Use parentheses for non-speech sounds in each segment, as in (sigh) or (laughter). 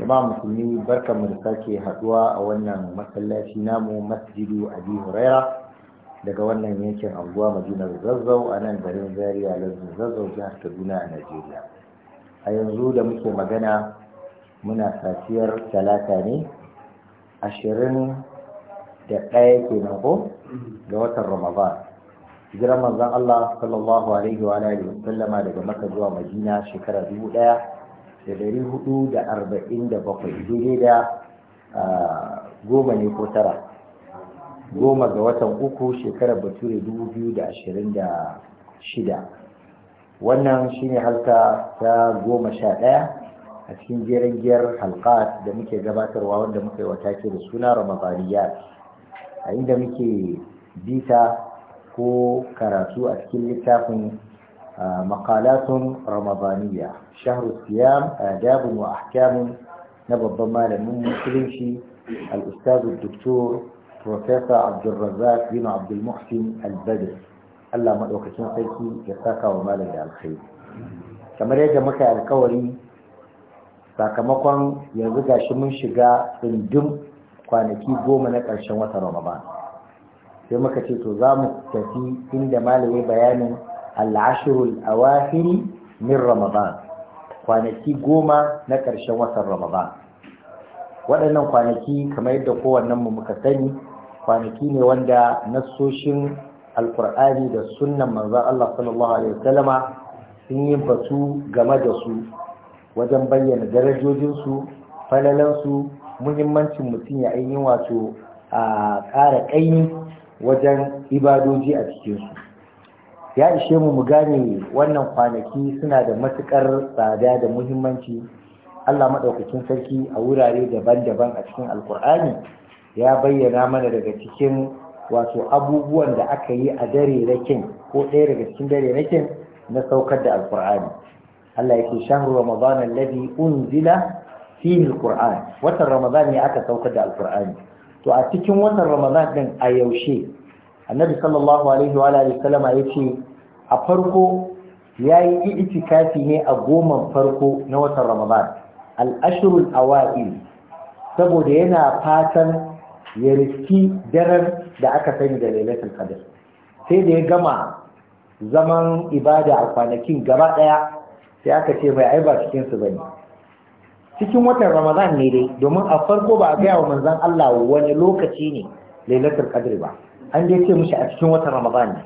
jama'a musulmi barkan mu da sake haduwa a wannan masallaci namu masjidu abi huraira daga wannan yankin anguwa madinar zazzau a nan garin zaria lardin zazzau jihar kaduna a najeriya a yanzu da muke magana muna safiyar talata ne ashirin da ɗaya kenan ko ga watan ramadan Jiran manzon allah sallallahu alaihi wa alihi wa sallama daga maka zuwa madina shekara dubu ɗaya da ɗari hudu da arba'in da bakwai daidai da goma ne ko tara goma ga watan uku shekarar bature dubu biyu da ashirin da shida wannan shine halka ta goma sha ɗaya a cikin jerin giyar halka da muke gabatarwa wanda muka yi wata ke da suna ramadaniyat a inda muke bita ko karatu a cikin littafin مقالات رمضانية شهر الصيام آداب وأحكام نبض na babban malamin الأستاذ الدكتور بروفيسور عبد الرزاق بن عبد المحسن البدر Allah maɗaukacin sarki ya saka wa malam da alkhairi kamar yadda muka yi alkawari sakamakon yanzu gashi mun shiga tsindin kwanaki goma na ƙarshen watan ramadan sai muka ce to za mu tafi inda malami bayanin al'ashirul awahiri min ramadan kwanaki goma na ƙarshen watan ramadan waɗannan kwanaki kamar yadda mu muka sani kwanaki ne wanda nassoshin alkur'ani da sunnan manzan Allah sallallahu alaihi wasallama sun yi batu game da su wajen bayyana darajojinsu falalansu muhimmancin mutum ya ainihin wato a ƙara ƙaini wajen ibadoji a cikinsu ya ishe mu mu gane wannan kwanaki suna da matukar tsada da muhimmanci Allah maɗaukakin sarki a wurare daban-daban a cikin alkur'ani ya bayyana mana daga cikin wato abubuwan da aka yi a dare rakin ko ɗaya daga cikin dare rakin na saukar da alkur'ani Allah yake shahru ramadan alladhi unzila fihi alquran watan ramadan ne aka saukar da alkur'ani to a cikin watan ramadan din a yaushe annabi sallallahu alaihi wa alihi sallama yace a farko yayi itikafi ne a goma farko na watan ramadan al-ashrul awail saboda yana fatan ya riski daren da aka sani da lailatul qadr sai da ya gama zaman ibada a kwanakin gaba daya sai aka ce bai ai ba cikin su bane cikin watan ramadan ne dai domin a farko ba a gaya wa manzon Allah wani lokaci ne lailatul qadr ba an dai ce mishi a cikin watan ramadan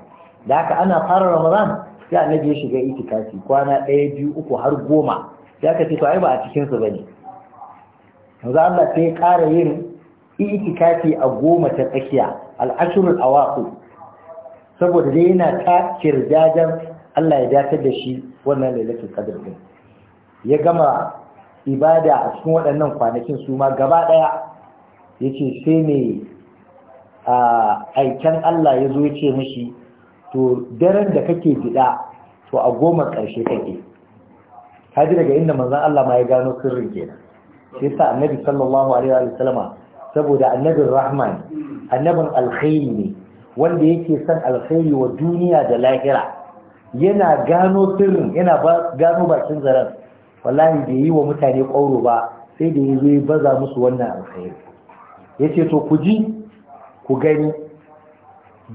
da haka ana fara ramadan sai annabi ya shiga itikafi kwana ɗaya biyu uku har goma sai ka ce to ai ba a cikin su bane yanzu Allah sai ya ƙara yin itikafi a goma ta tsakiya al awaqi saboda dai yana ta kirjajan Allah ya dace da shi wannan lailatul qadr din ya gama ibada a cikin waɗannan kwanakin su ma gaba ɗaya yace sai ne a aiken Allah ya zo ya ce mashi to daren da kake biɗa, to a goma ƙarshe kake kaji daga inda manzon Allah ma ya gano sirrin kenan sai sa annabi sallallahu alaihi wa sallama saboda annabin rahman annabin alkhairi ne wanda yake son alkhairi wa duniya da lahira yana gano sirrin yana gano bakin zaren wallahi da yi wa mutane kwauro ba sai da ya zo ya baza musu wannan alkhairi yace to ku ji ku gani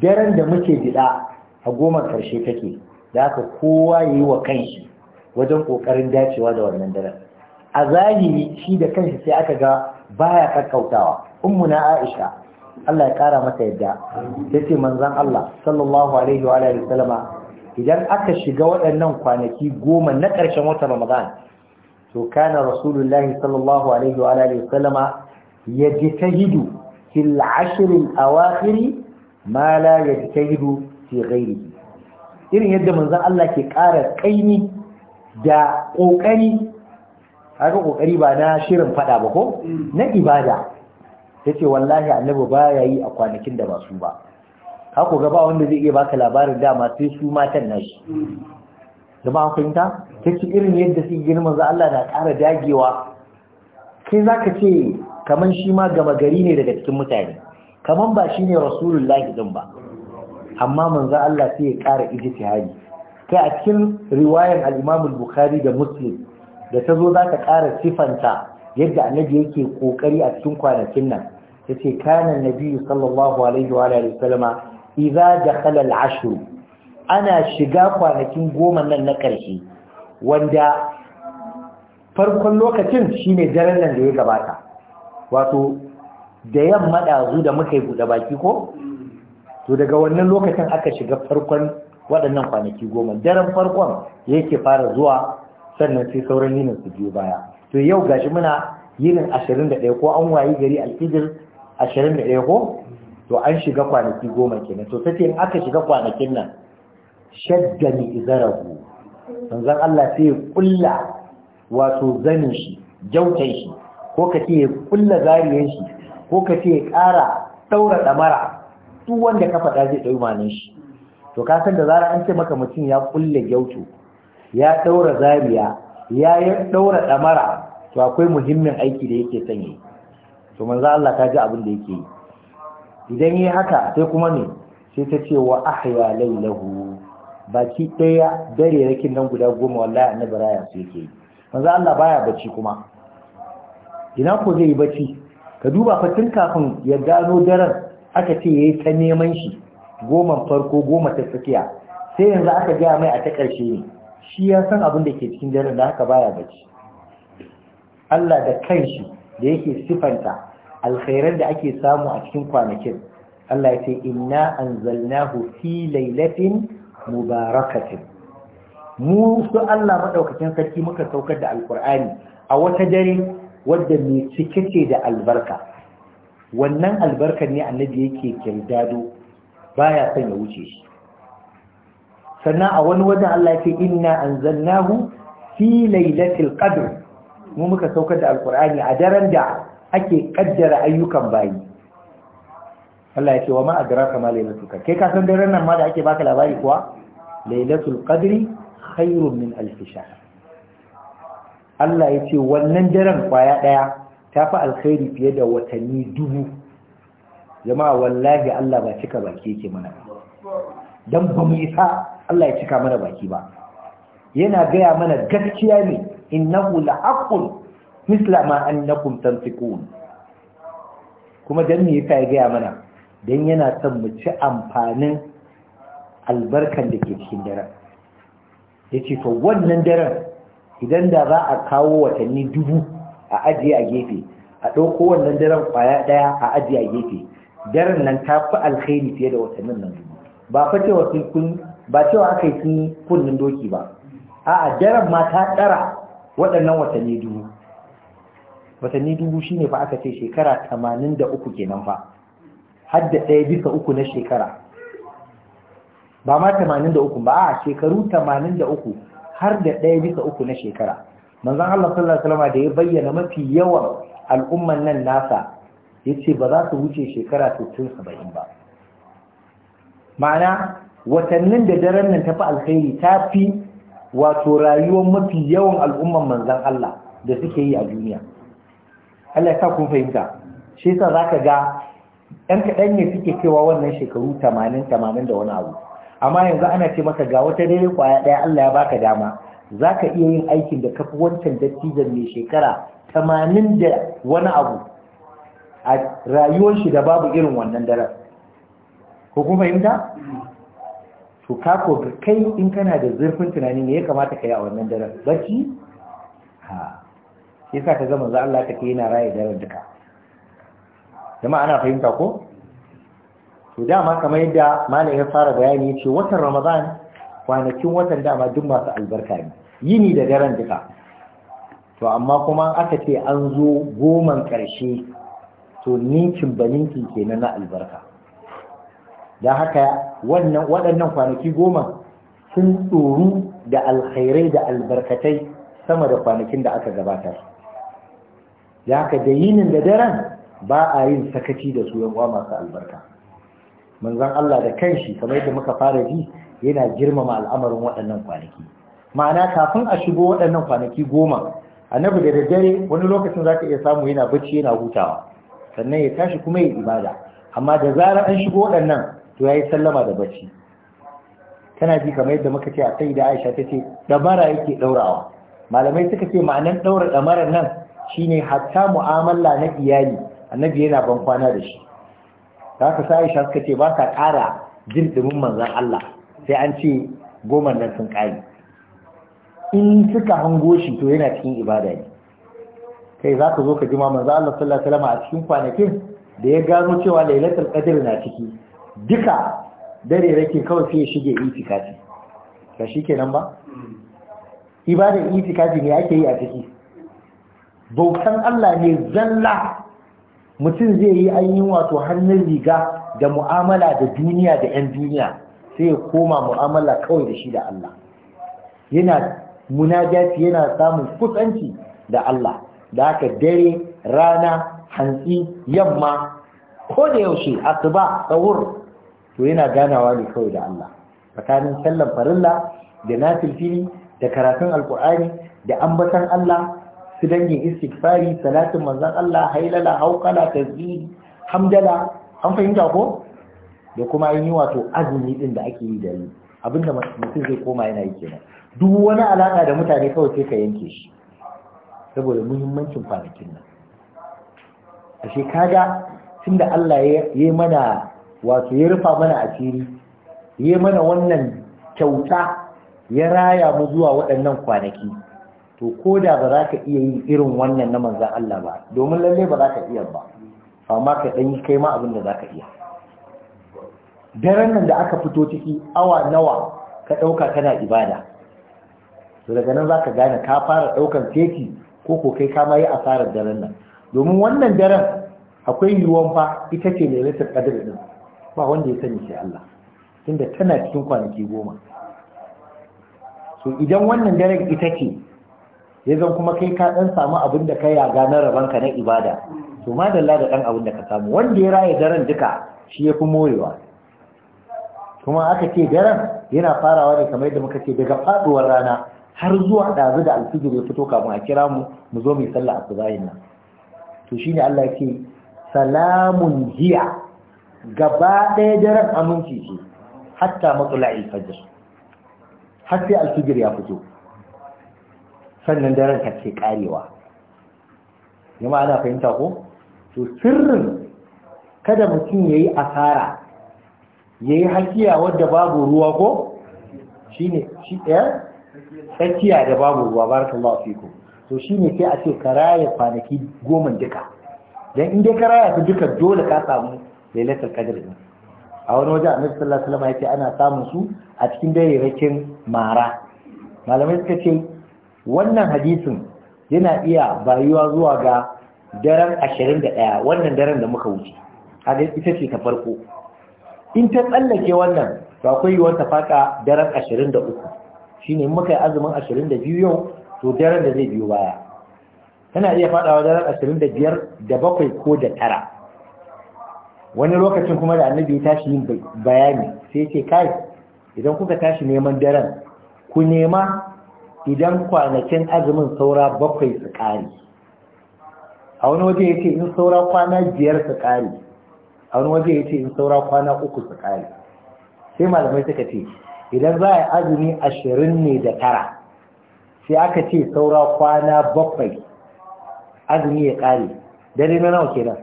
daren da muke gida a goma karshe take da aka kowa ya yi wa kanshi wajen ƙoƙarin dacewa da wannan daren a zahiri shi da kanshi sai aka ga baya kakkautawa na aisha Allah ya kara mata yadda ta ce manzan Allah sallallahu alaihi wa alihi idan aka shiga waɗannan kwanaki goma na ƙarshen watan Ramadan to kana rasulullahi sallallahu alaihi wa alihi ya ji ta hidu في العشر الأواخر ما لا يجتهد في غيره irin yadda manzon Allah ke ƙara ƙaimi da ƙoƙari haka ƙoƙari ba na shirin faɗa ba ko na ibada ta ce wallahi annabi ba ya yi a kwanakin da ba su ba haka ga ba wanda zai iya baka labarin dama sai su matan nashi zama an fahimta ta ce irin yadda su girma za Allah na ƙara dagewa kai za ka ce kaman shi ma gama gari ne daga cikin mutane kaman ba shine rasulullahi din ba amma manzo Allah sai ya ƙara ijtihadi kai a cikin riwayar alimamul Bukari bukhari da Muslim da tazo za ta ƙara sifanta yadda annabi yake kokari a cikin kwanakin nan ce kana annabi sallallahu alaihi wa alihi wasallama idza dakhala al ana shiga kwanakin goma nan na ƙarshe wanda farkon lokacin shine daren nan da ya gabata wato da yamma ɗazu da muka yi buɗe baki ko to daga wannan lokacin aka shiga farkon waɗannan kwanaki goma daren farkon yake fara zuwa sannan sai sauran yinin su biyu baya to yau gashi muna yinin ashirin ko an wayi gari alfijir ashirin da ko to an shiga kwanaki goma kenan to ta in aka shiga kwanakin nan shaddani izarahu manzon Allah sai ya kulla wato zanin shi jautai shi ko ka ce ya kulla zariyar shi ko ka ce ya ƙara ɗaura ɗamara duk wanda ka faɗa zai ɗau manin shi to ka san da zara an ce maka mutum ya kulle gyautu ya ɗaura zariya ya ɗaura ɗamara to akwai muhimmin aiki da yake son yi to manzo Allah ta ji abin da yake yi idan yi haka sai kuma ne sai ta ce wa ahya lailahu baki daya dare rakin nan guda goma wallahi annabi raya su yake yi manzo Allah baya bacci kuma ina ko zai yi bacci ka duba fa tun kafin ya gano daren aka ce yayi ta neman shi goman farko goma ta tsakiya sai yanzu aka gaya mai a ta karshe ne shi ya san abin da ke cikin daren da haka baya bacci Allah da kanshi da yake sifanta alkhairan da ake samu a cikin kwanakin Allah ya ce inna anzalnahu fi laylatin mubarakatin mu su Allah madaukakin sarki muka saukar da alkur'ani a wata dare wadda mai cike ce da albarka wannan albarka ne annabi yake kirdado baya son ya wuce shi sannan a wani wajen Allah ya ce inna anzalnahu fi lailatul qadr mu muka saukar da alqur'ani a daren da ake kaddara ayyukan bayi Allah ya ce wa ma adraka ma lailatul qadr kai ka san daren nan ma da ake baka labari kuwa lailatul qadri khairun min alf shahr Allah ya ce wannan daren kwaya ɗaya ta fi alkhairi fiye da watanni dubu zama wallahi Allah ba cika baki yake mana don ba mu yi sa, Allah ya cika mana baki ba yana gaya mana gaskiya ne innahu la'aqul misla ma annakum tantiqun kuma dan me yasa ya gaya mana dan yana son mu ci amfanin albarkan da ke cikin daren yace to wannan daren idan da za a kawo watanni dubu a ajiye a gefe a ɗauko wannan daren ƙwaya ɗaya a ajiye a gefe daren nan ta fi alkhairi fiye da watannin nan dubu ba fa cewa sun kun ba cewa aka yi sun kunnin doki ba a'a daren ma ta ɗara waɗannan watanni dubu watanni dubu shine fa aka ce shekara tamanin da uku kenan fa har da ɗaya bisa uku na shekara ba ma tamanin da uku ba a shekaru tamanin da uku har da ɗaya bisa uku na shekara manzon Allah sallallahu alaihi wasallam da ya bayyana mafi yawan al'umman nan nasa ya ce ba za su wuce shekara 60 ba ma'ana watannin da daren nan tafi alkhairi ta fi wato rayuwar mafi yawan al'umman manzan Allah da suke yi a duniya Allah ya sa kun fahimta shi yasa zaka ga ɗan kaɗan ne suke cewa wannan shekaru 80 80 da wani abu amma yanzu ana ce maka ga wata dare kwaya ɗaya Allah ya baka dama za ka iya yin aikin da kafi wancan dattijan mai shekara tamanin da wani abu a rayuwar shi da babu irin wannan dare ko kuma fahimta to ka kai in kana da zurfin tunani ne ya kamata ka yi a wannan daren bacci ha sa ka ga manzo Allah yi yana raye daren duka jama'a ana fahimta ko to dama kamar yadda malam ya fara bayani yace ce watan ramadan kwanakin watan dama duk masu albarka ne yini da daren duka to amma kuma aka ce an zo goman ƙarshe to ninkin ba ninkin kenan na albarka da haka wannan waɗannan kwanaki goma sun tsoro da alkhairai da albarkatai sama da kwanakin da aka gabatar da haka da yinin da daren ba a yin sakaci da su yan masu albarka manzon Allah da kanshi kamar yadda muka fara ji yana girmama al'amarin waɗannan kwanaki ma'ana kafin a shigo waɗannan kwanaki goma annabi da daddare wani lokacin za zaka iya samu yana bacci yana hutawa sannan ya tashi kuma ya ibada amma da zarar an shigo waɗannan to ya yi sallama da bacci tana ji kamar yadda muka ce a sai da Aisha ta ce dabara yake ɗaurawa. malamai suka ce ma'anan daura damarar nan shine hatta mu'amala na iyali annabi yana ban kwana da shi Zaka sai Aisha suka ce ba ka ƙara jin dumin manzon Allah sai an ce goma nan sun ƙari in suka hango shi to yana cikin ibada ne kai za ka zo ka jima manza Allah sallallahu alaihi wasallam a cikin kwanakin da ya gano cewa lailatul qadr na ciki duka dare rake kawai sai ya shige itikafi ka shikenan ba ibadar itikafi ne ake yi a ciki bautan Allah ne zalla mutum zai yi ainihin wato hannun riga da mu'amala da duniya da 'yan duniya sai ya koma mu'amala kawai da shi da Allah yana munajati yana samun kusanci da Allah da haka dare rana hantsi yamma ko da yaushe asuba sahur to yana ganawa ne kawai da Allah tsakanin sallan farilla da nafil fili da karatun alkur'ani da ambatar Allah su dangin istighfari salatin manzan Allah hailala haukala tasbih hamdala an fahimta ko da kuma yin yi wato azumi din da ake yi da ni abinda mutum zai koma yana yi kenan duk wani alaka da mutane kawai sai ka yanke shi saboda muhimmancin kwanakin nan A shekara kaga tunda Allah ya yi mana wato ya rufa mana asiri ya mana wannan kyauta ya raya mu zuwa waɗannan kwanaki to ko da ba za ka iya yi irin wannan na manzan Allah ba domin lalle ba za ka iya ba amma ka ɗanyi kai ma abin da za ka iya daren nan da aka fito ciki awa nawa ka ɗauka kana ibada to daga nan za ka gane ka fara ɗaukan teki ko ko kai kama yi asarar daren nan domin wannan daren akwai yiwuwan fa ita ce lailatul qadr din ba wanda ya sani sai Allah tunda tana cikin kwanaki goma so idan wannan daren ita ce ya zan kuma kai ka ɗan samu abin da kai ganar rabon rabanka na ibada to madalla da dan abin da ka samu wanda ya raye daren duka shi ya fi morewa kuma aka ce daren yana farawa ne kamar yadda muka ce daga faduwar rana har zuwa ɗazu da alfijir ya fito kafin a kira mu mu zo mu sallah a subahin nan to shine Allah ya salamun jiya gaba ɗaya daren aminci ce hatta matsala alfajir har sai alfijir ya fito sannan daren ranka ce karewa yamma ana fahimta ko to sirrin kada mutum yayi asara yayi hakiya wadda babu ruwa ko shine shi ɗaya eh? tsakiya da babu ruwa barakallahu fikum to shine sai a ce karaya kwanaki goma duka dan in dai karaya duka dole ka samu lailatul qadr din a wani waje annabi sallallahu alaihi wasallam ce ana samun su a cikin dare rakin mara malamai suka ce wannan hadisin yana iya bayuwa zuwa ga daren 21 wannan daren da muka wuce haka ita ce ta farko in ta tsallake wannan ba akwai yiwuwar ta fada daren 23 shine muka yi azumin 22 yau to daren da zai biyo baya tana iya fadawa daren 25 da bakwai ko da tara wani lokacin kuma da annabi ya tashi yin bayani sai ce kai idan kuka tashi neman daren ku nema idan kwanakin azumin saura bakwai su ƙari a wani waje ya ce in saura kwana biyar su ƙari a wani waje ya ce in saura kwana uku su ƙari sai malamai suka ce idan za a yi azumi ashirin ne da tara sai aka ce saura kwana bakwai azumi ya ƙari dare na nawa kenan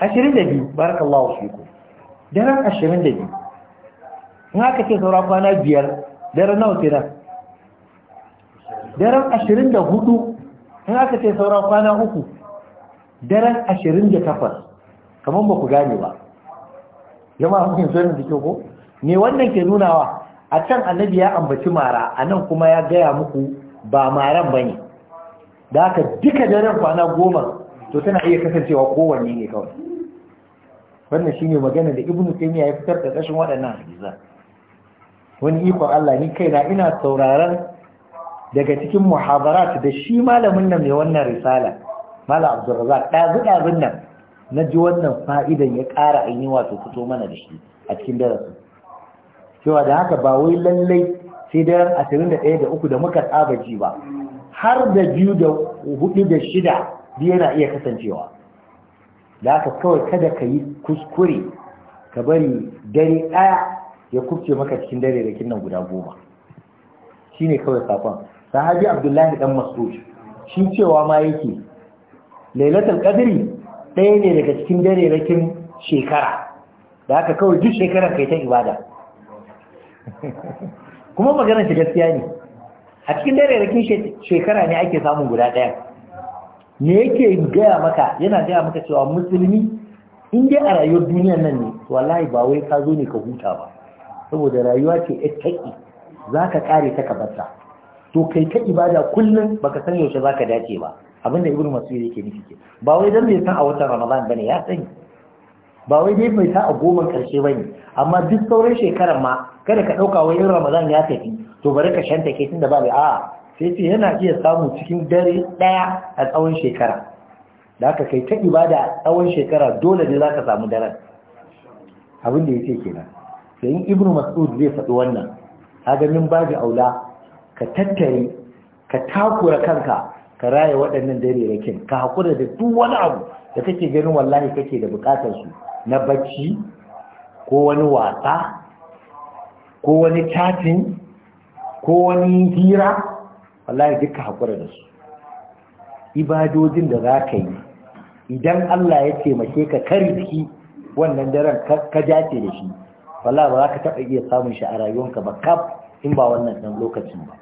ashirin da biyu barakallahu ku daren ashirin da biyu in aka ce saura kwana biyar daren nawa kenan daren ashirin da hudu in aka ce sauran kwana uku daren ashirin da takwas kamar ba ku gane ba yamma mutum zonin da ke ko ne wannan ke nunawa a can annabi ya ambaci mara a nan kuma ya gaya muku ba maran ba ne da aka duka daren kwana goma to tana iya kasancewa kowanne ne kawai wannan shi ne magana da ibnu taymiya ya fitar da kashin waɗannan hadisa wani ikon Allah ni kaina ina sauraron daga cikin muhabarat da shi malamin nan mai wannan risala mala abdurrazak ɗazu-ɗazun nan na ji wannan fa'idan ya ƙara an wato fito mana da shi a cikin darasin cewa da haka ba wai lallai sai daren ashirin da ɗaya da uku da muka tsaba ji ba har da biyu da hudu da shida biyu yana iya kasancewa da haka kawai kada ka yi kuskure ka bari dare ɗaya ya kufce maka cikin dare da kinnan guda goma shine kawai safan. sahabi abdullahi dan mas'ud shi cewa ma yake lailatul qadri ɗaya ne daga cikin dare kin shekara da haka kawai duk shekarar kai ta ibada (laughs) kuma maganar shi gaskiya ne a cikin dare da kin shekara ne ake samun guda ɗaya me yake gaya maka yana gaya maka cewa musulmi in dai a rayuwar duniyar nan ne wallahi ba wai ka zo ne ka huta ba saboda rayuwa ce taƙi, za ka kare ta ka to kai ta ibada kullum baka san yaushe za ka dace ba abinda masu mas'ud yake nufi ke ba wai dan bai san a watan ramadan bane ya sani ba wai dai bai sa a goman karshe bane amma duk sauran shekarar ma kada ka ɗauka wa yin ramadan ya tafi to bari ka shanta ke tunda ba a sai ce yana iya samu cikin dare ɗaya a tsawon shekara da aka kai ta ibada a tsawon shekara dole ne za ka samu daren abin da ya ce kenan Sayin in ibnu mas'ud zai faɗi wannan kaga min da aula ka tattare ka takura kanka ka raye waɗannan darerakin ka hakura da duk wani abu da kake ganin wallahi kake da bukatar su na bacci ko wani wasa ko wani chatting ko wani hira wallahi duka hakura da su ibadojin da za ka yi idan Allah ya taimake ka kariki wannan daren ka jace da shi wallahi ba za ka taɓa iya samun shi a rayuwanka ba kaf in ba wannan ɗan lokacin ba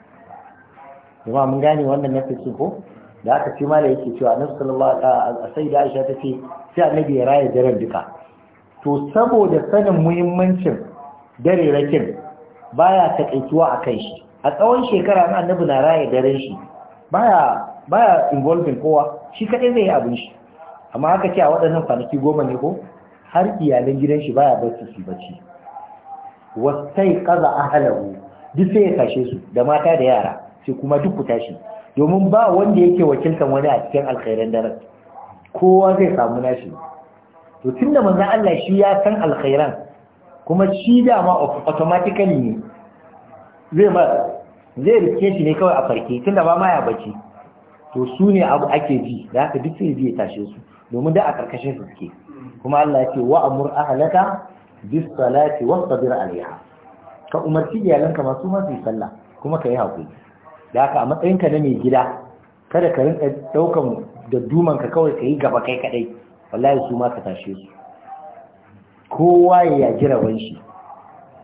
kuma mun gane wannan na nafisin ko da aka ce mala yake cewa annabi sallallahu a sai da Aisha ta ce sai annabi ya raya daren duka to saboda sanin muhimmancin dare rakin baya takaituwa a kai shi a tsawon shekara na annabi na raya daren shi baya baya involving kowa shi kaɗai zai yi abin shi amma haka ce a waɗannan kwanaki goma ne ko har iyalan gidan shi baya barci su bacci wasai kaza ahlahu duk sai ya kashe su da mata da yara sai kuma duk ku tashi domin ba wanda yake wakiltan wani a cikin alkhairan daren kowa zai samu nashi to tunda manzon Allah shi ya san alkhairan kuma shi dama automatically ne zai ma zai rike shi ne kawai a farke tunda ba ma ya bace to su ne abu ake ji da haka duk sai ya tashe su domin da a karkashin su suke kuma Allah ya ce wa amur ahlaka bis salati alaiha ka umarci iyalanka masu ma su sallah kuma ka yi hakuri da a a matsayinka na mai gida kada ka rinka daukan dadduman ka kawai ka yi gaba kai kadai wallahi su ma ka tashe su kowa ya yaji rawan shi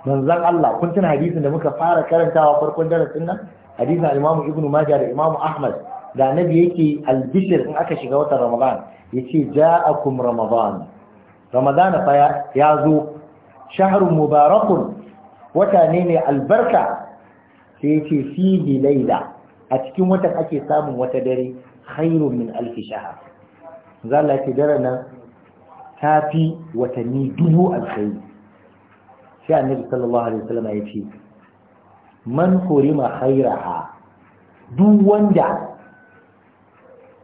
manzon Allah kun tuna hadisin da muka fara karantawa farkon darasin nan hadisin Imam Ibn Majah da Imam Ahmad da annabi yake albishir in aka shiga watan Ramadan yace ja'akum Ramadan Ramadan fa ya zo shahrun mubarakun wata ne albarka sai yace fihi laila a cikin watan ake samun wata dare khairun min alfi shahr zalla daren nan tafi watanni dubu alkhairi sai annabi sallallahu alaihi wasallam ya ce man hurima khairaha duk wanda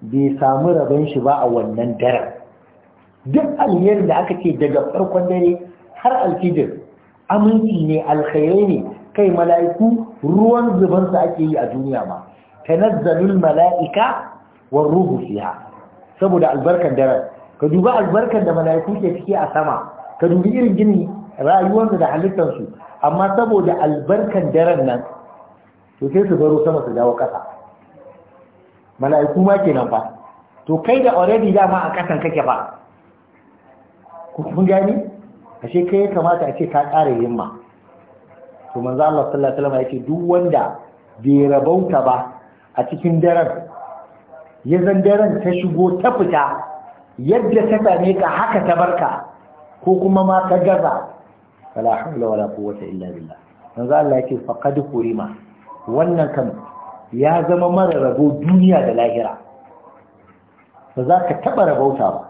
bai samu rabon shi ba a wannan daren duk alherin da aka ce daga farkon dare har alfijir aminci ne alkhairai ne kai mala'iku ruwan zubansa ake yi a duniya ma tanazzalul mala'ika war ruhu fiha saboda albarkan daren ka duba albarkan da mala'iku ke ciki a sama ka dubi irin gini rayuwarsu da halittarsu amma saboda albarkan daren nan to sai su baro sama su dawo ƙasa mala'iku ma kenan fa to kai da already dama a ƙasan kake fa kun gani ashe kai ya kamata a ce ka ƙara himma to manzo Allah sallallahu alaihi wasallam ya duk wanda bai rabauta ba a cikin daren ya zan daren ta shigo ta fita yadda ta same ka haka ta barka ko kuma ma ka gaza wala hawla wala quwwata illa billah manzo Allah yake faqad kurima wannan kan ya zama mara rabo duniya da lahira ba za ka taba rabauta ba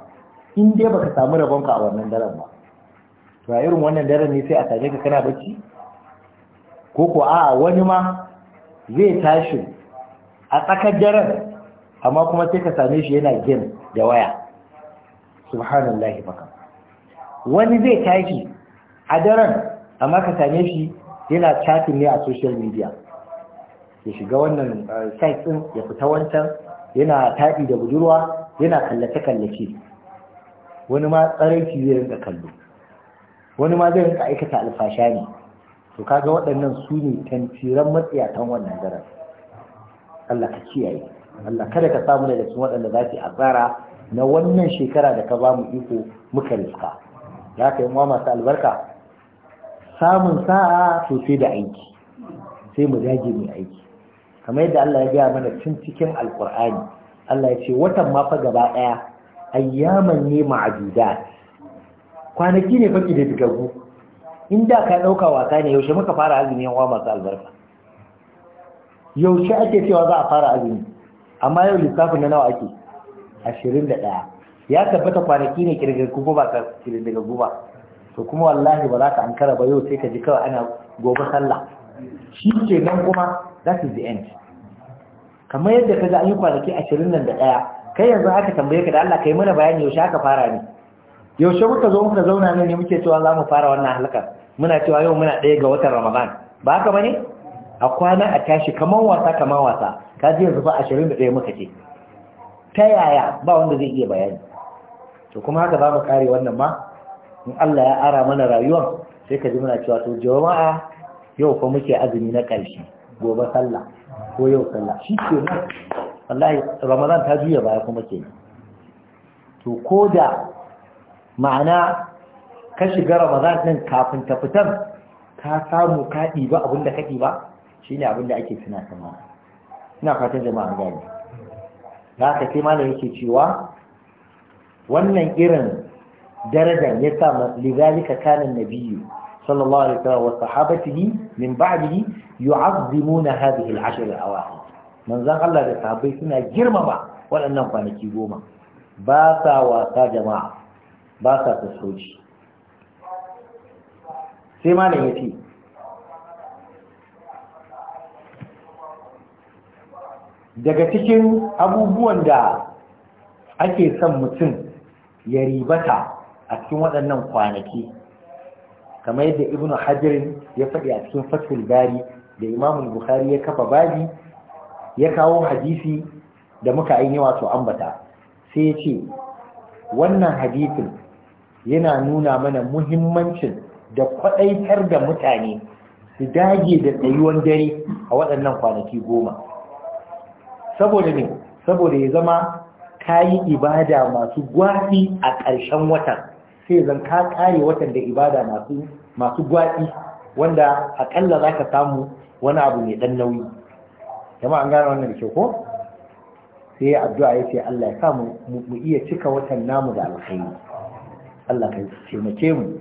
in dai baka samu rabonka a wannan daren ba to a irin wannan daren ne sai a same ka kana bacci ko ko a'a wani ma zai tashi a tsakar daren amma kuma sai ka same shi yana gin da waya subhanallahi baka wani zai tashi a daren amma ka same shi yana chatting ne a social media ya shiga wannan eh, site din ya fita wancan yana taɗi da budurwa yana kallace-kallace wani ma tsaraici zai rinka kallo wani ma zai rinka aikata alfasha ne to kaga waɗannan su ne tantiran matsiyatan wannan daren Allah ka kiyaye Allah kada ka samu daga cikin waɗanda za su asara na wannan shekara da ka ba mu iko muka riska ya kai mu masu albarka samun sa'a sosai da aiki sai mu dage mu aiki kamar yadda Allah ya gaya mana tun cikin alkur'ani Allah ya ce watan ma fa gaba ɗaya ayyaman ne ma'adudat kwanaki ne faki da digaggu in da ka ɗauka wasa ne yaushe muka fara azumi yawa masu albarka yaushe ake cewa za a fara azumi amma yau lissafin na nawa ake ashirin da ɗaya ya tabbata kwanaki ne kirgaggu ko ba ka kirgaggu ba to kuma wallahi ba za ka ankara ba yau sai ka ji kawai ana gobe sallah shi ke nan kuma that is the end kamar yadda ka ga an yi kwanaki ashirin nan da ɗaya kai yanzu haka tambaye ka da Allah kai mana bayani yaushe aka fara ne yaushe muka zo muka zauna ne ne muke cewa za mu fara wannan halaka muna cewa yau muna ɗaya ga watan ramadan ba haka ba ne a kwana a tashi kamar wasa kamar wasa ka ji yanzu fa ashirin da ɗaya muka ce ta yaya ba wanda zai iya bayani to kuma haka za mu kare wannan ma in Allah ya ara mana rayuwar sai ka ji muna cewa to jama'a yau fa muke azumi na ƙarshe gobe sallah ko yau sallah shi ke nan wallahi ramadan ta juya baya kuma ke to ko da ma'ana ka shiga ramadan din kafin ta fitar ka samu ka ɗiba abin da ka ɗiba shi ne abin da ake suna sama suna fatan jama'a gani za ka kai malam yake cewa wannan irin darajar ya sa lizalika kanin biyu? sallallahu alaihi wasallam wa sahabatihi min ba'dihi yu'azzimuna hadhihi al-ashr al-awakhir manzon Allah da sahabbai suna girmama waɗannan kwanaki goma ba sa wasa jama'a ba sa soji. sai malam ya ce daga cikin abubuwan da ake son mutum ya ribata a cikin waɗannan kwanaki kamar yadda ibn hajirin ya faɗi a cikin fatul bari da imamu bukhari ya kafa babi ya kawo hadisi da muka ainihi wato ambata sai ya ce wannan hadisin yana nuna mana muhimmancin da kwaɗaitar da mutane su dage da tsayuwan dare a waɗannan kwanaki goma saboda ne saboda ya zama ka yi ibada masu gwafi a ƙarshen watan sai zan ka ƙare watan da ibada masu gwafi, wanda aƙalla za ka samu wani abu mai ɗan nauyi jama'a an gane wannan da ke ko sai addu'a ya ce Allah ya sa mu iya cika watan namu da alkhairi Allah ka taimake mu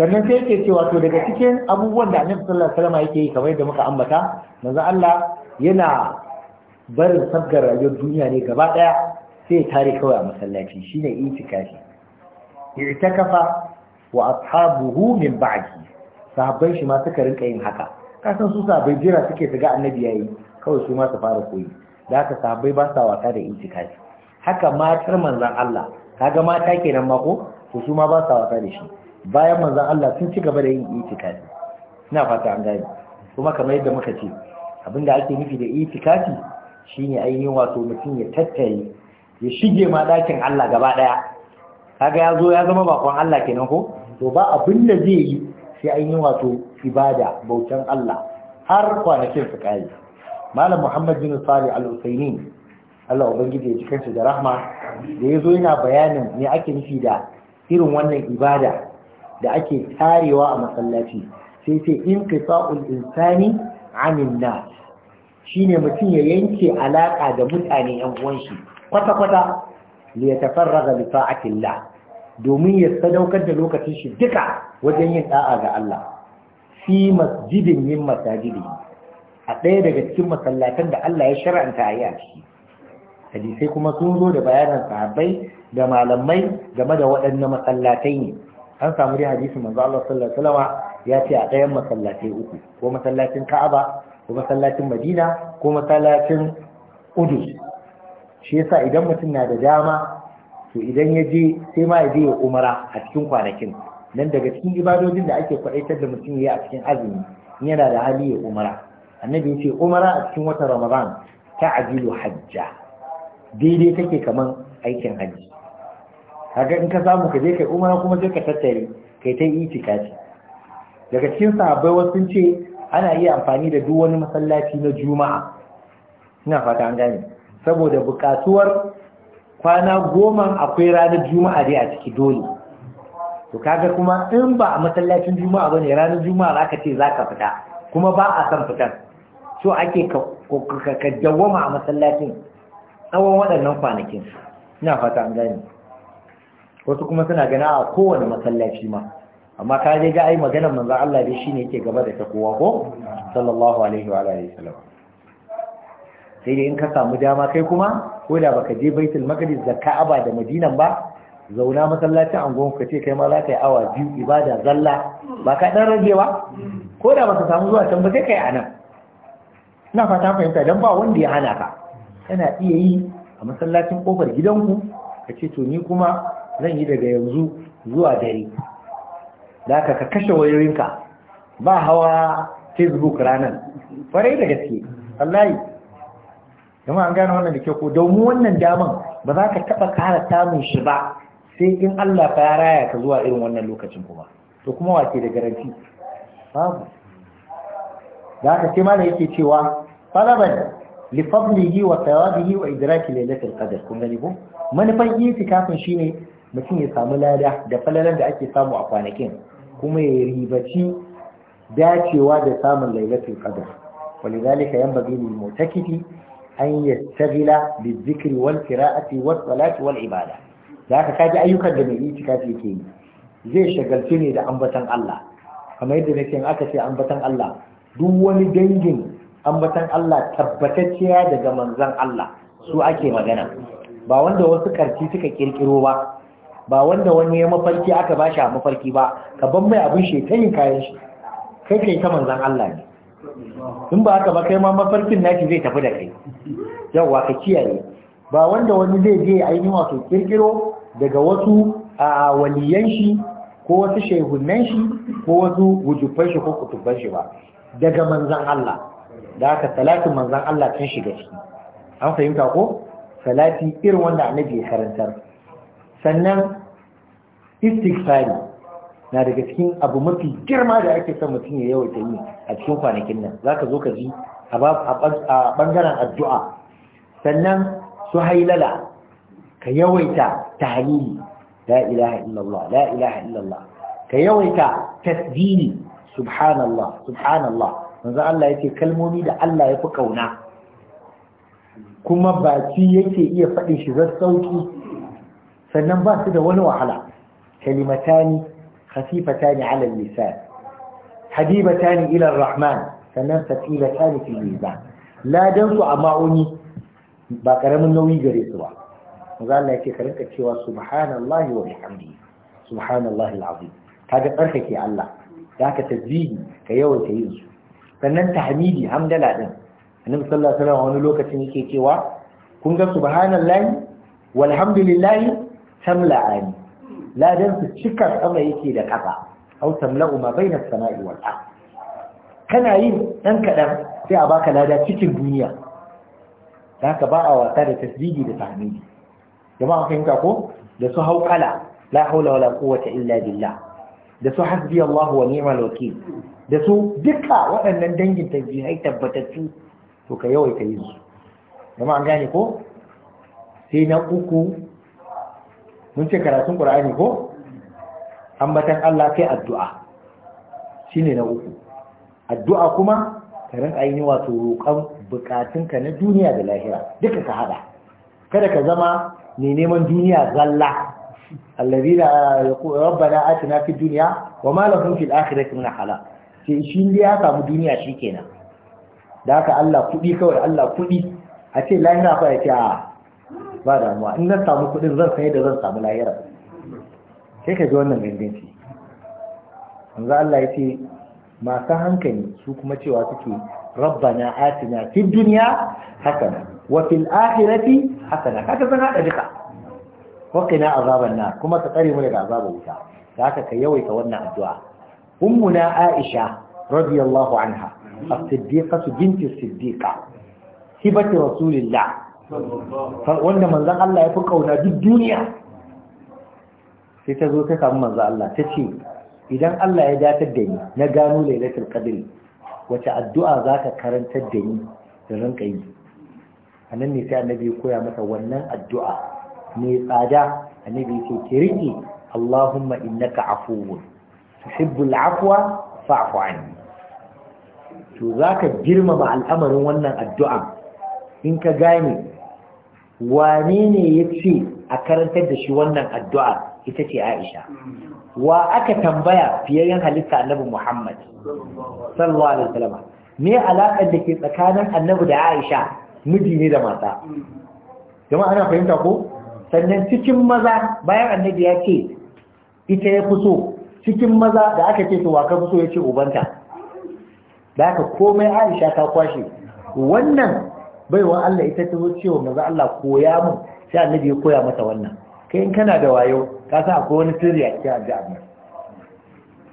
sannan sai yake cewa to daga cikin abubuwan da annabi sallallahu alaihi wasallam yake yi kamar yadda muka ambata manzo Allah yana barin sabgar rayuwar duniya ne gaba daya sai tare kawai a masallaci shine itikafi itakafa wa ashabuhu min ba'di sahabban shi ma suka rinka yin haka kasan su sahabbai jira suke ga annabi yayi kawai su ma su fara koyi da haka sahabbai ba sa wasa da itikafi haka matar manzon Allah Ka ga mata kenan mako, ko to su ma ba sa wasa da shi bayan manzon Allah sun ci gaba da yin itikafi ina fata an gane kuma kamar yadda muka ce abinda ake nufi da itikafi shine ainihin wato mutum ya tattare ya shige ma dakin Allah gaba daya kaga ya zo ya zama bakon Allah kenan ko to ba abin da zai yi sai ainihin wato ibada bautan Allah har kwanakin su kare malam Muhammad bin Salih al-Usaini Allah ubangiji ya ji kansa da rahma da ya zo yana bayanin me ake nufi da irin wannan ibada da ake tarewa a masallaci sai ce in qita'ul insani na. Shi shine mutum ya yanke alaƙa da mutane yan uwan shi kwata kwata li yatafarraga li ta'atillah domin ya sadaukar da lokacin shi duka wajen yin ɗa'a ga Allah fi masjidin yin masajidi a ɗaya daga cikin masallatan da Allah ya shar'anta a yi a ciki hadisai kuma sun zo da bayanan sahabbai da malamai game da waɗannan masallatai ne an samu dai hadisi manzo Allah sallallahu alaihi wasallam ya ce a ɗayan masallatai uku ko masallacin Ka'aba ko masallacin Madina ko masallacin Udus shi yasa idan mutum na da dama to idan ya je sai ma ya je ya umara a cikin kwanakin nan daga cikin ibadojin da ake kwaɗaitar da mutum ya a cikin azumi yana da hali ya umara annabi ya ce umara a cikin watan Ramadan ta ajilu hajja daidai take kamar aikin hajji Haka in ka samu ka je kai umara kuma sai ka tattare kai ta yi ce daga cikin sahabbai wasu sun ce ana iya amfani da duk wani masallaci na juma'a ina fata an gane saboda bukatuwar kwana goma akwai ranar juma'a dai a ciki dole to kaga kuma in ba a masallacin juma'a ba bane ranar juma'a ka ce za ka fita kuma ba a san fitan so ake ka dawwama a masallacin tsawon waɗannan kwanakin ina fata an gani. wasu kuma suna gana a kowane masallaci ma amma ka je ga ai maganar manzo Allah dai shine yake gaba da ta kowa ko sallallahu alaihi wa alihi wasallam sai dai in ka samu dama kai kuma ko da baka je baitul maqdis da Ka'aba da Madinan ba zauna masallacin angon ka ce kai ma za ka yi awa biyu ibada zalla ba ka dan ragewa ko da baka samu zuwa can ba sai kai anan ina fata fahimta dan ba wanda ya hana ka kana iya yi a masallacin kofar gidanku ka ce to ni kuma zan yi daga yanzu zuwa dare da ka kashe wayoyinka ba hawa facebook ranar farai da gaske wallahi kuma an gane wannan da ke ko domin wannan daman ba za ka taɓa ƙara samun shi ba sai in Allah fa ya raya ka zuwa irin wannan lokacin kuma to kuma wace da garanti babu da ka ce ma yake cewa falaban lifadlihi wa thawabihi wa idraki lailatul qadr kun gani ko manufan itikafin shine mutum ya samu lada da falalan da ake samu a kwanakin kuma ya ribaci dacewa da samun lailatul qadr walidhalika yanbaghi lil mutakifi an yastaghila bizikri wal qira'ati was salati wal ibada zaka kaji ayyukan da mai itikafi yake yi zai shagalci ne da ambatan Allah kamar yadda nake aka ce ambatan Allah duk wani dangin ambatan Allah tabbatacciya daga manzan Allah su ake magana ba wanda wasu karci suka kirkiro ba ba wanda wani ya mafarki aka ba shi a mafarki ba ka ban mai abin shi kayan shi kai kai ta manzan Allah ne in ba aka ba kai ma mafarkin naki zai tafi da kai yawwa ka kiyaye ba wanda wani zai je ainihin wato kirkiro daga wasu a waliyan shi ko wasu shehunan shi ko wasu wujufan shi ko kutubban shi ba daga manzan Allah da haka salatin manzan Allah kan shiga ciki an fahimta ko salati irin wanda annabi ya karantar sannan istighfari na daga cikin abu mafi girma da ake son mutum ya yawaita yi a cikin kwanakin nan ka zo ka ji a bangaren addu'a sannan su hailala ka yawaita tahlili la ilaha illallah la ilaha illallah ka yawaita tasbihi subhanallah subhanallah manzo Allah yake kalmomi da Allah ya fi kauna kuma baki yake iya faɗin shi zan sauki sannan ba su da wani wahala kalimatani khafifatani ala lisan habibatani ila rahman sannan thaqilatani fil mizan la dan su amma oni ba karamin nauyi gare su ba manzo Allah yake karinka cewa subhanallahi wa bihamdihi subhanallahi alazim kaga tsarkake Allah da ka tasbihi ka yawan yin su sannan tahmidi hamdala din annabi sallallahu alaihi wasallam wani lokacin yake cewa kun ga subhanallahi walhamdulillahi tamla'ani ladan su cikar sama yake da kafa au tamla'u ma bainas sama'i wal ard kana yin dan kadan sai a baka lada cikin duniya ka ba a wasa da tasbihi da tahmidi jama'a fahimta ko da su hauƙala la haula wala quwwata illa billah da su hasbi Allah wa ni'mal wakil da su duka waɗannan dangin tasbihai tabbatattu to ka yawaita yin su kuma an gane ko sai na uku mun ce karatun Qur'ani ko ambatan Allah kai addu'a shine na uku addu'a kuma ka rinka yi wato roƙon bukatunka na duniya da lahira duka ka hada kada ka zama mai neman duniya zalla الذين يقول ربنا آتنا في الدنيا وما لهم في الآخرة من حلا sai shi ya samu duniya shikenan da haka Allah kudi kawai Allah kuɗi? a ce lahira fa ya ce a ba damuwa in na samu kuɗin zan san yadda zan samu lahira sai ka ji wannan ganganci yanzu Allah ya ce masu hankali su kuma cewa suke rabbana atina fid dunya hasana wa fil akhirati hasana kaga san hada duka waqina azaban nar kuma ka tsare mu daga azabar wuta da haka ka yawaita wannan addu'a ummuna aisha radiyallahu anha as-siddiqatu binti siddiqa hibati rasulillah wanda manzon Allah ya fi kauna duk duniya sai ta zo ta samu manzon Allah ta ce idan Allah ya datar da ni na gano lailatul qadr wace addu'a zaka karantar da ni da ranka yi anan ne sai annabi ya koya masa wannan addu'a mai tsada annabi yake ki riki Allahumma innaka afuwun tuhibbul afwa fa'fu anni to zaka girmama al'amarin wannan addu'a in ka gane wane ne yace a karantar da shi wannan addu'a ita ce Aisha wa aka tambaya fiyayyen halitta annabi Muhammad sallallahu alaihi wasallam me alaƙar da ke tsakanin annabi da Aisha miji ne da mata jama'a ana fahimta ko sannan cikin maza bayan annabi ya ce ita ya fi cikin maza da aka ce su waka fi ya ce ubanta da aka komai aisha ta kwashe wannan baiwa Allah ita ta zo cewa maza Allah koya mun sai annabi ya koya mata wannan kai in kana da wayo ka sa akwai wani sirri a cikin aljanna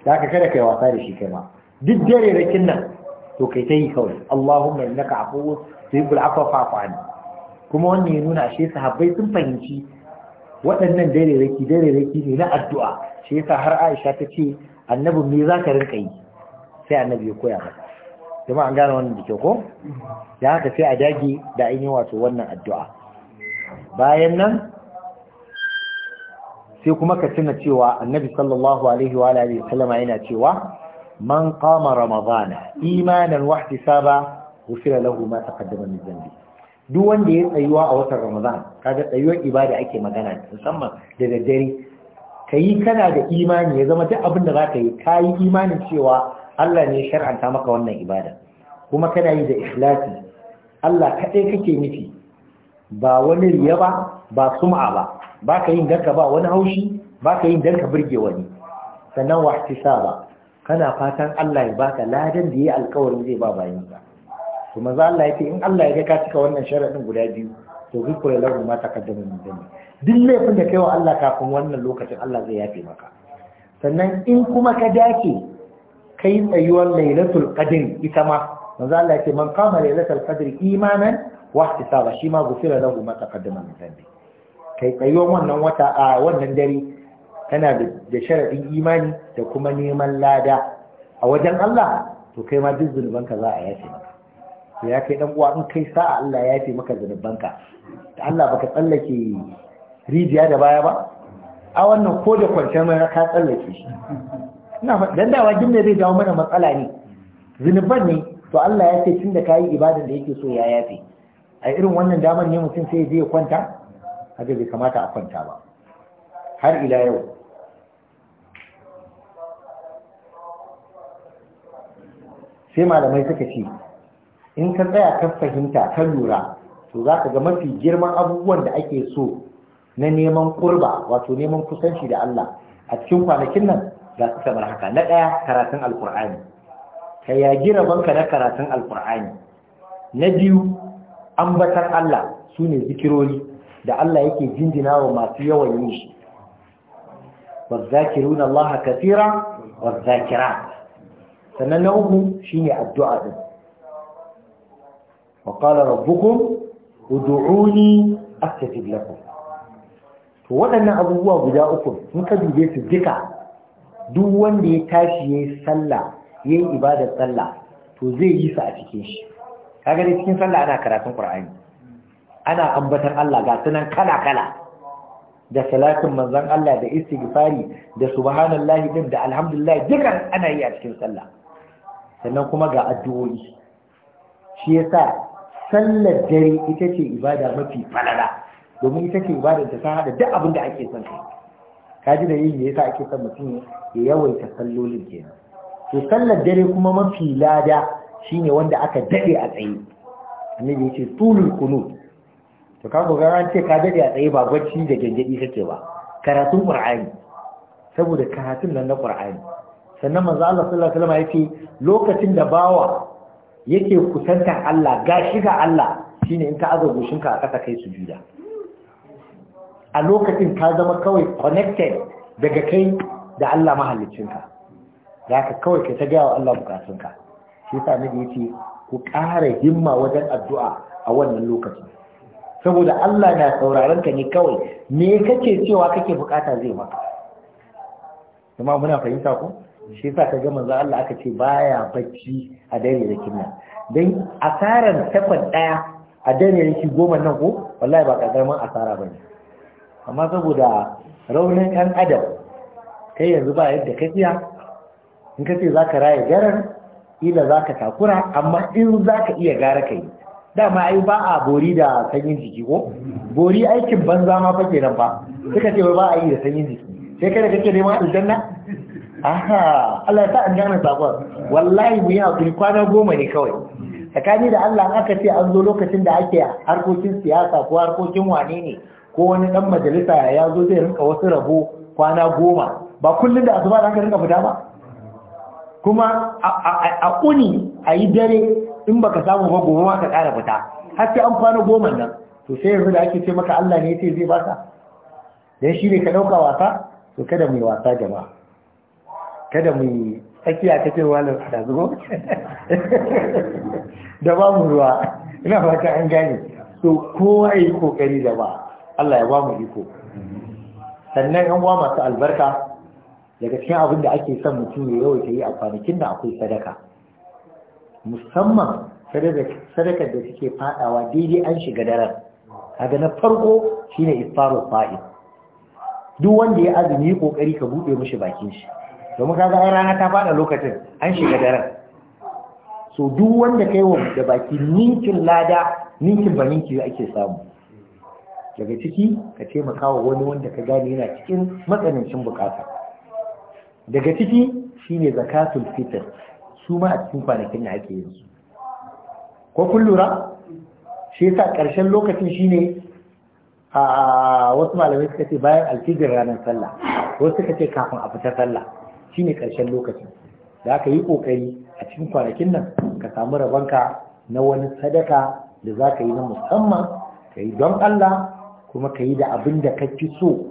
da aka kada kai wasa da shi kai ma duk dare rakin nan to kai ta yi kawai Allahumma innaka afuwwun tuhibbul afwa fa'fu anni kuma wannan ya nuna ashe sahabbai sun fahimci waɗannan daidairaki daidairaki ne na addu'a shi yasa har Aisha ta ce annabi me za ka rinka yi sai annabi ya koya maka kuma an gane wannan da ke ko da haka sai a dage da ainihin wato wannan addu'a bayan nan sai kuma ka tuna cewa annabi sallallahu alaihi wa alihi sallama yana cewa man qama ramadana imanan wa saba, ghufira lahu ma taqaddama min dhanbi duk wanda ya tsayuwa a watan ramadan kaga tsayuwar ibada ake magana musamman da daddare ka yi kana da imani ya zama duk abin da za ka yi ka yi imanin cewa Allah ne shar'anta maka wannan ibada kuma kana yi da ikhlasi Allah kaɗai kake nufi ba wani riya ba ba sum'a ba ba ka yin danka ba wani haushi ba ka yin danka birge wani sannan wahtisaba kana fatan Allah ya baka ladan da ya alkawarin zai ba bayan to maza Allah ce in Allah ya ga ka cika wannan sharaɗin guda biyu to zikru lahu ma taqaddama min dhanbi duk laifin da kaiwa Allah kafin wannan lokacin Allah zai yafe maka sannan in kuma ka dace kai tsayuwar lailatul qadr ita ma Maza Allah ce man qama lailatul qadr imanan wa ihtisaba shi ma gufira lahu ma taqaddama min dhanbi kai tsayuwar wannan wata a wannan dare kana da sharaɗin imani da kuma neman lada a wajen Allah to kai ma duk zunubanka za a yafe maka to ya kai dan uwa in kai sa'a Allah ya yafe maka zanubanka Allah baka tsallake rijiya da baya ba a wannan ko da kwanciyar mai ka tsallake shi dan dawa gina zai jawo mana matsala ne zunuban ne to Allah ya ce tun da yi ibadan da yake so ya yafe a irin wannan damar ne mutum sai zai ya kwanta haka bai kamata a kwanta ba har ila yau sai malamai suka ce in ka tsaya ka fahimta ka lura to za ka ga mafi girman abubuwan da ake so na neman kurba wato neman kusanci da Allah a cikin kwanakin nan za su kamar haka na ɗaya karatun alkur'ani ka yagi rabanka na karatun alkur'ani na biyu ambatar Allah su ne zikirori da Allah yake jinjina wa masu yawan yin shi والذاكرون الله كثيرا والذاكرات sannan na uku shine addu'a din wa qala rabbukum ud'uni astajib lakum to waɗannan abubuwa guda uku in ka dube su duka duk wanda ya tashi yayi sallah yayi ibadar sallah to zai yi su a cikin shi kaga dai cikin sallah ana karatun qur'ani ana ambatar Allah ga sunan kala kala da salatin manzon Allah da istighfari da subhanallahi din da alhamdulillah duka ana yi a cikin sallah sannan kuma ga addu'o'i shi yasa sallar dare ita ce ibada mafi falala domin ita ce ibada ta hada duk abin da ake son kai kaji da yin yasa ake son mutum ya yawaita sallolin kenan to sallar dare kuma mafi lada shine wanda aka dade a tsaye annabi yace tulul kunut to ka ga ran ce ka dade a tsaye ba bacci da gangadi kake ba karatun qur'ani saboda karatun nan na qur'ani sannan manzo Allah sallallahu alaihi wasallam yace lokacin da bawa yake kusantar Allah gashi ga Allah shi ne in ka aza gushinka a ƙasa kai su sujuda a lokacin ta zama kawai connected daga kai da Allah mahallicinka za ka kawai ka ta gaya wa Allah bukatunka shi sa nabi yace ku ƙara himma wajen addu'a a wannan lokacin saboda Allah na sauraron ka ne kawai me kake cewa kake bukata zai maka kuma muna fahimta ko shi yasa ka gama manzo Allah aka ce baya bacci a dare da kinna dan asaran takwan daya a dare shi goma nan ko wallahi ba kagarman asara ne? amma saboda raunin yan adam kai yanzu ba yadda ka fiya in ka ce zaka raye garar ila zaka takura amma in zaka iya gara kai dama ai ba a bori da sanyin jiki ko bori aikin banza ma fa kenan ba suka ce ba a yi da sanyin jiki sai kada kake neman aljanna aha Allah ta an gane sakon wallahi mu yi hakuri kwana goma ne kawai tsakani da Allah aka ce an zo lokacin da ake harkokin siyasa ko harkokin wane ne ko wani dan majalisa ya zo zai rinka wasu rabo kwana goma ba kullum da asuba da aka rinka fita ba kuma a kuni a yi dare in baka samu ba gobe ka kara fita har sai an kwana goma nan to sai yanzu da ake ce maka Allah ne ya ce zai baka dan shi ne ka ɗauka wasa to kada mu yi wasa jama'a kada mu yi tsakiya ta ce walar da zuwa da ba mu ruwa ina fata an gane so kowa yi kokari da ba Allah ya ba mu iko sannan yan uwa masu albarka daga cikin abin da ake son mutum ya yawaita yi a kwanakin da akwai sadaka musamman sadakar da suke fadawa daidai an shiga daren kaga na farko shine ifaru fa'id duk wanda ya azumi kokari ka buɗe mishi bakin shi domin kaga ai rana ta fada lokacin an shiga daren so duk wanda kai wa da baki ninkin lada ninkin ba ninki ake samu daga ciki ka ce makawa wani wanda ka gane yana cikin matsanancin bukata daga ciki shine zakatul fitr su ma a cikin kwanakin da ake yin su ko kun lura shi yasa ƙarshen lokacin shine a wasu malamai suka ce bayan alfijir ranar sallah wasu suka ce kafin a fita sallah Shi ne ƙarshen lokaci da aka yi ƙoƙari a cikin kwanakin nan ka samu rabonka na wani sadaka da za ka yi na musamman ka yi don Allah kuma ka yi da abin da ka fi so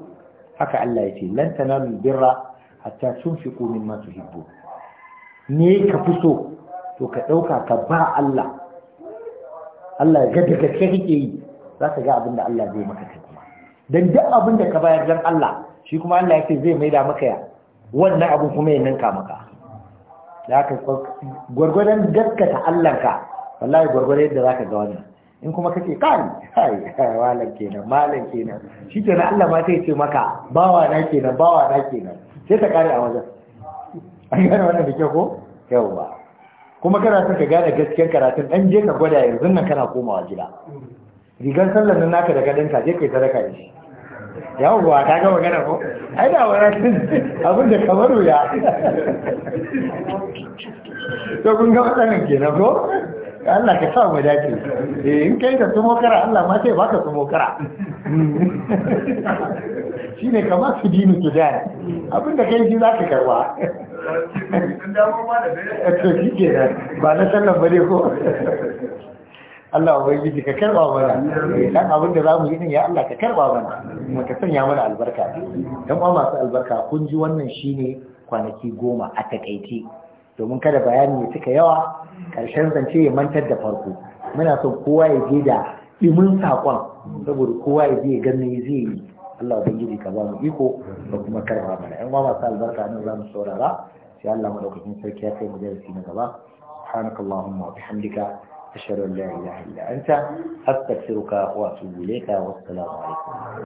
haka Allah ya ce lan tanalu birra hatta tunfiqu mimma tuhibbu ne ka fi so to ka ɗauka ka ba Allah Allah ga daga gaske kake yi za ka ga abin da Allah zai maka kai kuma dan duk abin da ka bayar don Allah shi kuma Allah ya ce zai maida maka ya wannan abu kuma ya ninka maka da aka gwargwadon gaskata Allahnka wallahi gwargwadon yadda za ka ga wannan in kuma ka ce kai kai malam kenan malam kenan shi na Allah ma sai ce maka bawa na kenan bawa na kenan sai ta kare a wajen an gane wannan da kyau ko ba. kuma kana son ka gane gaskiyar karatun dan je ka gwada yanzu nan kana komawa gida rigar sallar nan naka daga danka je kai sadaka da shi yawwa ta ga magana ko ai da wani abin da kamar wuya to kun ga ke kenan ko Allah ka sa daji eh in kai ka sumo kara Allah ma sai baka sumo kara ne kamar su dini su da abin da kai shi za ka karwa ba na sallan bane ko Allah ubangiji ka karɓa mana eh, dan abin da zamu yi ya Allah ka karɓa mana kuma sanya mana albarka dan uwa masu albarka kun ji wannan shine kwanaki goma a takaice domin kada bayani ya cika yawa ƙarshen zance ya mantar da farko muna son kowa ya je da ɗimin sakon saboda kowa ya je ya zai yi Allah ubangiji ka ba mu iko da kuma karɓa mana yan uwa masu albarka nan za mu saurara sai Allah ɗaukakin sarki ya kai mu darasi na gaba subhanakallahumma أشهد أن لا إله إلا أنت أستغفرك وأتوب إليك والسلام عليكم